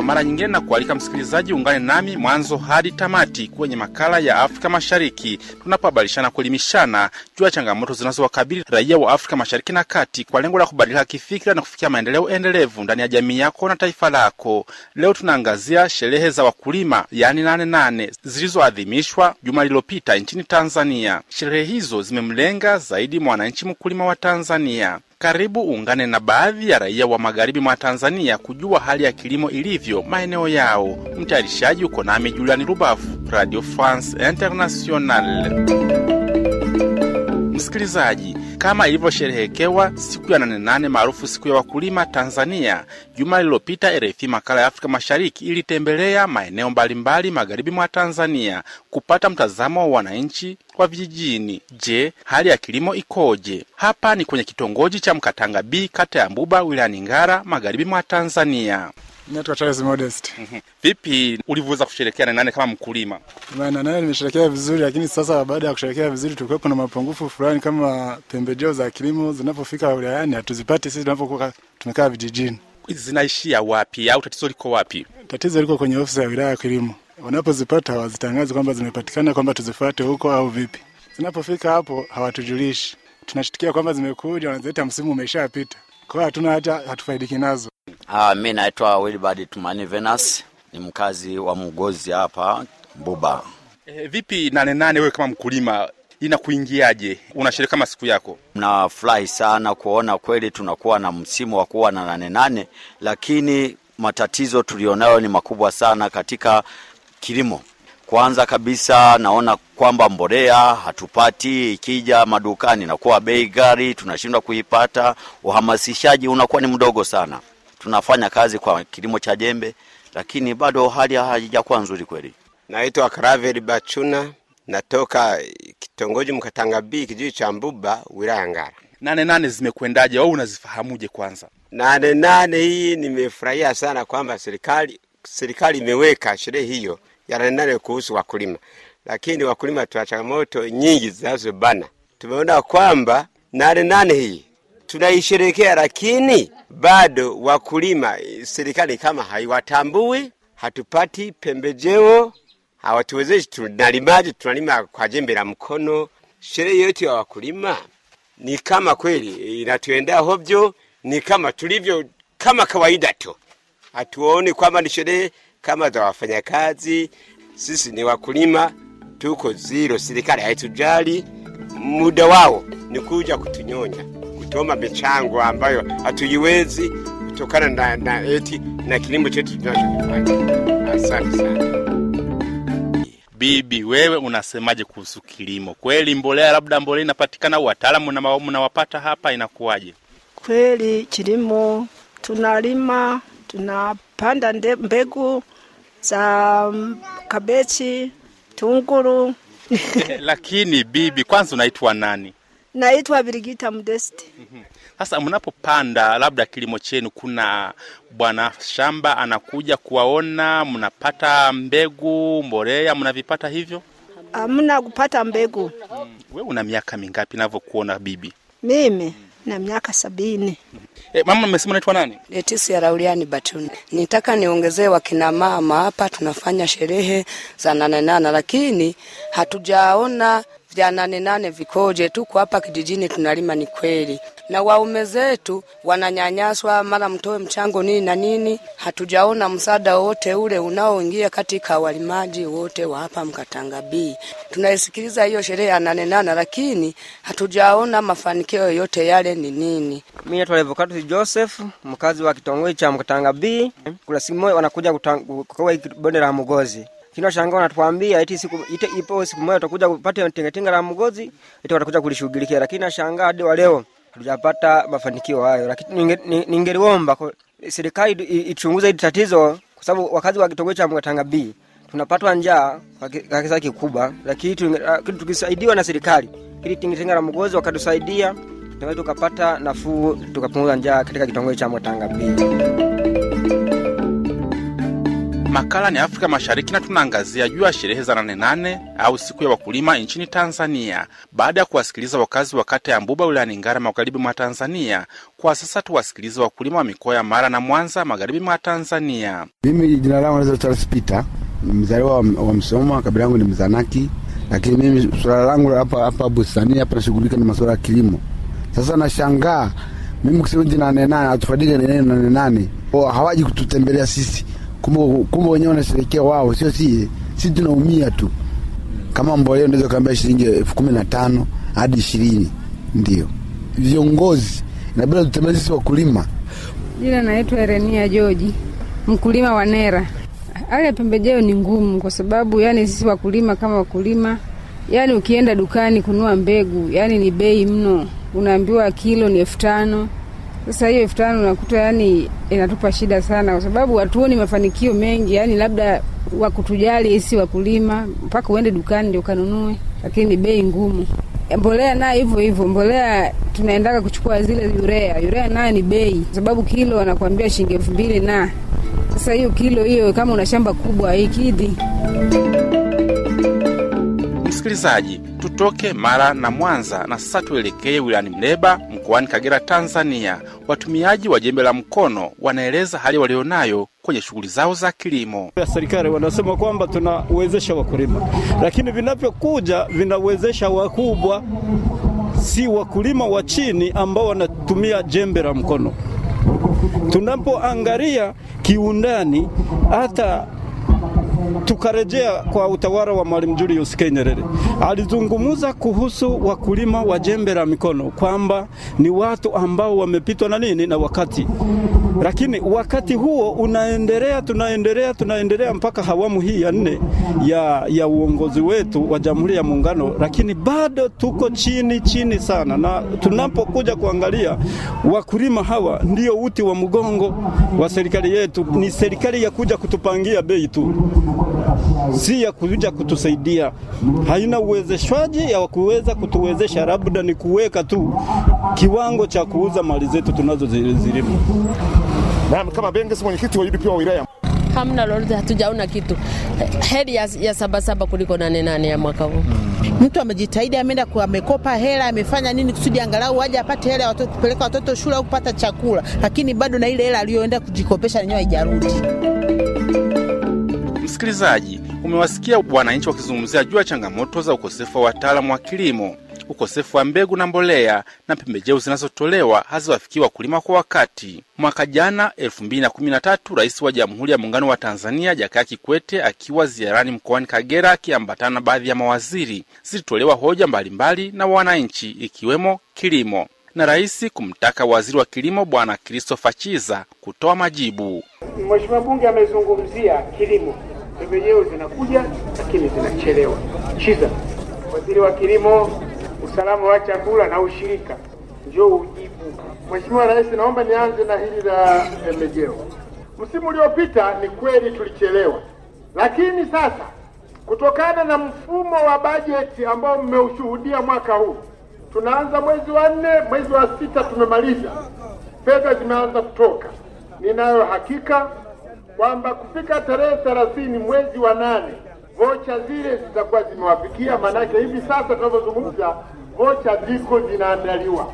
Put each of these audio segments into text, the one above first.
kwa mara nyingine na kualika msikilizaji ungane nami mwanzo hadi tamati kwenye makala ya Afrika Mashariki tunapobadilishana kuelimishana juu ya changamoto zinazowakabili raia wa Afrika Mashariki na Kati kwa lengo la kubadilika kifikira na kufikia maendeleo endelevu ndani ya jamii yako na taifa lako. Leo tunaangazia sherehe za wakulima yani nane nane zilizoadhimishwa juma lililopita nchini Tanzania. Sherehe hizo zimemlenga zaidi mwananchi mkulima wa Tanzania. Karibu uungane na baadhi ya raia wa magharibi mwa Tanzania kujua hali ya kilimo ilivyo maeneo yao. Mtayarishaji uko nami Juliani Rubafu, Radio France International. Msikilizaji, kama ilivyosherehekewa siku ya nane nane maarufu siku ya wakulima Tanzania. Juma lililopita RFI makala ya Afrika Mashariki ilitembelea maeneo mbalimbali magharibi mwa Tanzania kupata mtazamo wa wananchi wa vijijini. Je, hali ya kilimo ikoje? Hapa ni kwenye kitongoji cha Mkatanga B, kata ya Mbuba, wilayani Ngara, magharibi mwa Tanzania. Naitwa Charles Modest. Mhm. Vipi ulivyoweza kusherekea na nane kama mkulima? Maana naye nimesherekea vizuri, lakini sasa baada ya kusherekea vizuri tulikuwa na mapungufu fulani kama pembejeo za kilimo zinapofika wilayani hatuzipati sisi tunapokuwa tumekaa vijijini. Zinaishia wapi au tatizo liko wapi? Tatizo liko kwenye ofisi ya wilaya ya kilimo. Wanapozipata hawazitangazi kwamba zimepatikana, kwamba tuzifuate huko au vipi. Zinapofika hapo hawatujulishi, tunashitikia kwamba zimekuja, wanazileta msimu umeshapita, kwa hiyo hatuna hata hatufaidiki nazo. Ah, mi naitwa Wilbard Tumani Venus, ni mkazi wa Mgozi hapa Buba. E, eh, vipi Nane Nane, wewe kama mkulima inakuingiaje? Unasherekea kama siku yako? Nafurahi sana kuona kweli tunakuwa na msimu wa kuwa na Nane Nane, lakini matatizo tulionayo ni makubwa sana katika kilimo. Kwanza kabisa naona kwamba mbolea hatupati, ikija madukani inakuwa bei ghali, tunashindwa kuipata. Uhamasishaji unakuwa ni mdogo sana tunafanya kazi kwa kilimo cha jembe, lakini bado hali haijakuwa nzuri kweli. Naitwa Karaveri Bachuna, natoka kitongoji Mkatanga B, kijiji cha Mbuba, wilaya Ngara. Nane nane zimekwendaje? Wewe unazifahamuje? Kwanza nane nane hii nimefurahia sana kwamba serikali serikali imeweka sherehe hiyo ya nane nane kuhusu wakulima, lakini wakulima tuna changamoto nyingi zinazobana. Tumeona kwamba nane nane hii tunaisherekea, lakini bado wakulima serikali kama haiwatambui, hatupati pembejeo, hawatuwezeshi. Tunalimaje? Tunalima kwa jembe la mkono. Sherehe yote ya wakulima ni kama kweli inatuenda hovyo, ni kama tulivyo kama kawaida tu, hatuoni kwamba ni sherehe kama za wafanyakazi. Sisi ni wakulima, tuko zero. Serikali haitujali, muda wao ni kuja kutunyonya tutoma michango ambayo hatuiwezi kutokana na, na eti na kilimo chetu tunachokifanya. Asante sana. Bibi, wewe unasemaje kuhusu kilimo? Kweli mbolea labda mbolea inapatikana, wataalamu mnawapata hapa, inakuwaje? Kweli kilimo tunalima, tunapanda mbegu za mm, kabechi, tunguru. Eh, lakini bibi, kwanza unaitwa nani? Naitwa Brigita Mdesti. Mhm. Sasa mm Mnapopanda labda kilimo chenu, kuna bwana shamba anakuja kuwaona, mnapata mbegu, mbolea, mnavipata hivyo? Hamna kupata mbegu. Mm. Wewe una miaka mingapi navyokuona bibi? Mimi na miaka sabini. E, mama mmesema naitwa nani? Letisi ya Rauliani Batuni. Nitaka niongezee wakina mama hapa, tunafanya sherehe za nananana, lakini hatujaona vya nane nane vikoje? Tuko hapa kijijini tunalima, ni kweli na waume zetu wananyanyaswa, mara mtoe mchango nini na nini. Hatujaona msaada wote ule unaoingia katika walimaji wote wa hapa Mkatanga B. Tunaisikiliza hiyo sherehe ya nane nane, lakini hatujaona mafanikio yoyote yale ni nini. Mimi naitwa Revocatus Joseph, mkazi wa kitongoji cha Mkatanga B. Kuna simu wanakuja kutoka bonde la Mgozi kinachoshangaa wanatuambia eti siku ite, ipo siku moja tutakuja kupata tengetenga la mgozi eti watakuja kulishughulikia, lakini nashangaa hadi wa leo hatujapata mafanikio hayo. Lakini ningeliomba serikali ichunguze hili tatizo, kwa sababu wakazi wa kitongoji cha Mgatanga B tunapatwa njaa kwa kiasi kikubwa, lakini tukisaidiwa na serikali ili tengetenga la mgozi wakatusaidia tunaweza tukapata nafuu tukapunguza njaa katika kitongoji cha Mgatanga B. Makala ni Afrika Mashariki na tunaangazia juu ya sherehe za nane nane au siku ya wakulima nchini Tanzania. Baada ya kuwasikiliza wakazi wa kata ya Mbuba wilayani Ngara magharibi mwa Tanzania, kwa sasa tuwasikilize wakulima wa mikoa ya Mara na Mwanza magharibi mwa Tanzania. Mimi jina langu naitwa Charles Peter, mzaliwa wa, Msoma, kabila yangu ni Mzanaki, lakini mimi suala langu hapa hapa bustani hapa nashughulika na masuala ya kilimo. Sasa nashangaa mimi kusema nane nane atufaidike nane nane, hawaji kututembelea sisi kumbe wenyewe wanasherekea wao, sio si si, tunaumia tu. Kama mbolea unaweza kaambia shilingi elfu kumi na tano hadi ishirini. Ndio viongozi bila tutemee sisi wakulima. Jina naitwa Erenia Joji, mkulima wa Nera. Hali ya pembejeo ni ngumu kwa sababu yani sisi wakulima kama wakulima yani, ukienda dukani kununua mbegu yani ni bei mno, unaambiwa kilo ni elfu tano sasa hiyo elfu tano unakuta yani inatupa shida sana, kwa sababu hatuoni mafanikio mengi, yani labda wakutujali isi wakulima, mpaka uende dukani ndio ukanunue, lakini bei ngumu. Mbolea naye hivyo hivyo, mbolea tunaendaga kuchukua zile urea, urea naye ni bei, kwa sababu kilo wanakuambia shilingi elfu mbili na sasa hiyo kilo hiyo, kama una shamba kubwa ikidhi. Msikilizaji, Tutoke Mara na Mwanza na sasa tuelekee wilayani Mleba mkoani Kagera, Tanzania. Watumiaji wa jembe la mkono wanaeleza hali walionayo kwenye shughuli zao za kilimo. Serikali wanasema kwamba tunawezesha wakulima, lakini vinavyokuja vinawezesha wakubwa, si wakulima wa chini ambao wanatumia jembe la mkono. Tunapoangalia kiundani hata tukarejea kwa utawala wa Mwalimu Julius K. Nyerere. Alizungumuza kuhusu wakulima wa jembe la mikono kwamba ni watu ambao wamepitwa na nini na wakati, lakini wakati huo unaendelea, tunaendelea, tunaendelea mpaka hawamu hii ya nne ya, ya uongozi wetu wa Jamhuri ya Muungano, lakini bado tuko chini chini sana, na tunapokuja kuangalia wakulima hawa ndio uti wa mgongo wa serikali yetu. Ni serikali ya kuja kutupangia bei tu si ya kuja kutusaidia. Haina uwezeshwaji ya kuweza kutuwezesha, labda ni kuweka tu kiwango cha kuuza mali zetu tunazozilima. Naam, kama Bengesi, mwenyekiti wa UDP wa wilaya Hamna lolote, hatujaona kitu. Heri ya, ya sabasaba kuliko nane nane ya mwaka huu. Mtu amejitahidi, ameenda amekopa hela, amefanya nini kusudi angalau aje apate hela watoto, kupeleka watoto shule au kupata chakula, lakini bado na ile hela aliyoenda kujikopesha yenyewe haijarudi. Msikilizaji, umewasikia wananchi wakizungumzia juu ya changamoto za ukosefu wa wataalamu wa kilimo, ukosefu wa mbegu na mbolea na pembejeo zinazotolewa haziwafikiwa kulima kwa wakati. Mwaka jana 213 Rais wa Jamhuri ya Muungano wa Tanzania Jakaya Kikwete akiwa ziarani mkoani Kagera akiambatana na baadhi ya mawaziri, zilitolewa hoja mbalimbali na wananchi, ikiwemo kilimo na rais kumtaka waziri wa kilimo Bwana kristofa Chiza kutoa majibu. Mheshimiwa Bunge amezungumzia kilimo pembejeo zinakuja lakini zinachelewa. Chiza, waziri wa kilimo, usalama wa chakula na ushirika, njoo ujibu. Mheshimiwa Rais, naomba nianze na hili la pembejeo. Msimu uliopita ni kweli tulichelewa, lakini sasa kutokana na mfumo wa bajeti ambao mmeushuhudia mwaka huu, tunaanza mwezi wa nne, mwezi wa sita tumemaliza, fedha zimeanza kutoka. Ninayo hakika kwamba kufika tarehe thelathini mwezi wa nane vocha zile zitakuwa zimewafikia, maanake hivi sasa tunavyozungumza vocha ziko zinaandaliwa,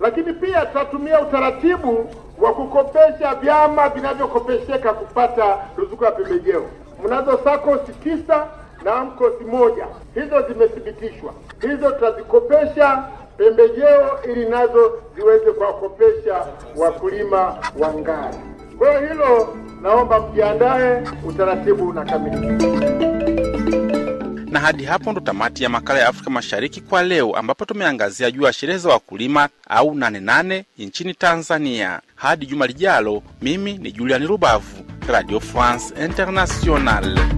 lakini pia tutatumia utaratibu wa kukopesha vyama vinavyokopesheka kupata ruzuku ya pembejeo. Mnazo sakosi tisa na amkosi moja, hizo zimethibitishwa, hizo tutazikopesha pembejeo ili nazo ziweze kuwakopesha wakulima wa ngari Kwa hiyo hilo naomba mjiandae, utaratibu unakamilika. Na hadi hapo ndo tamati ya makala ya Afrika Mashariki kwa leo, ambapo tumeangazia juu ya sherehe za wakulima au nane nane nchini Tanzania. Hadi juma lijalo, mimi ni julian Rubavu, Radio France Internationale.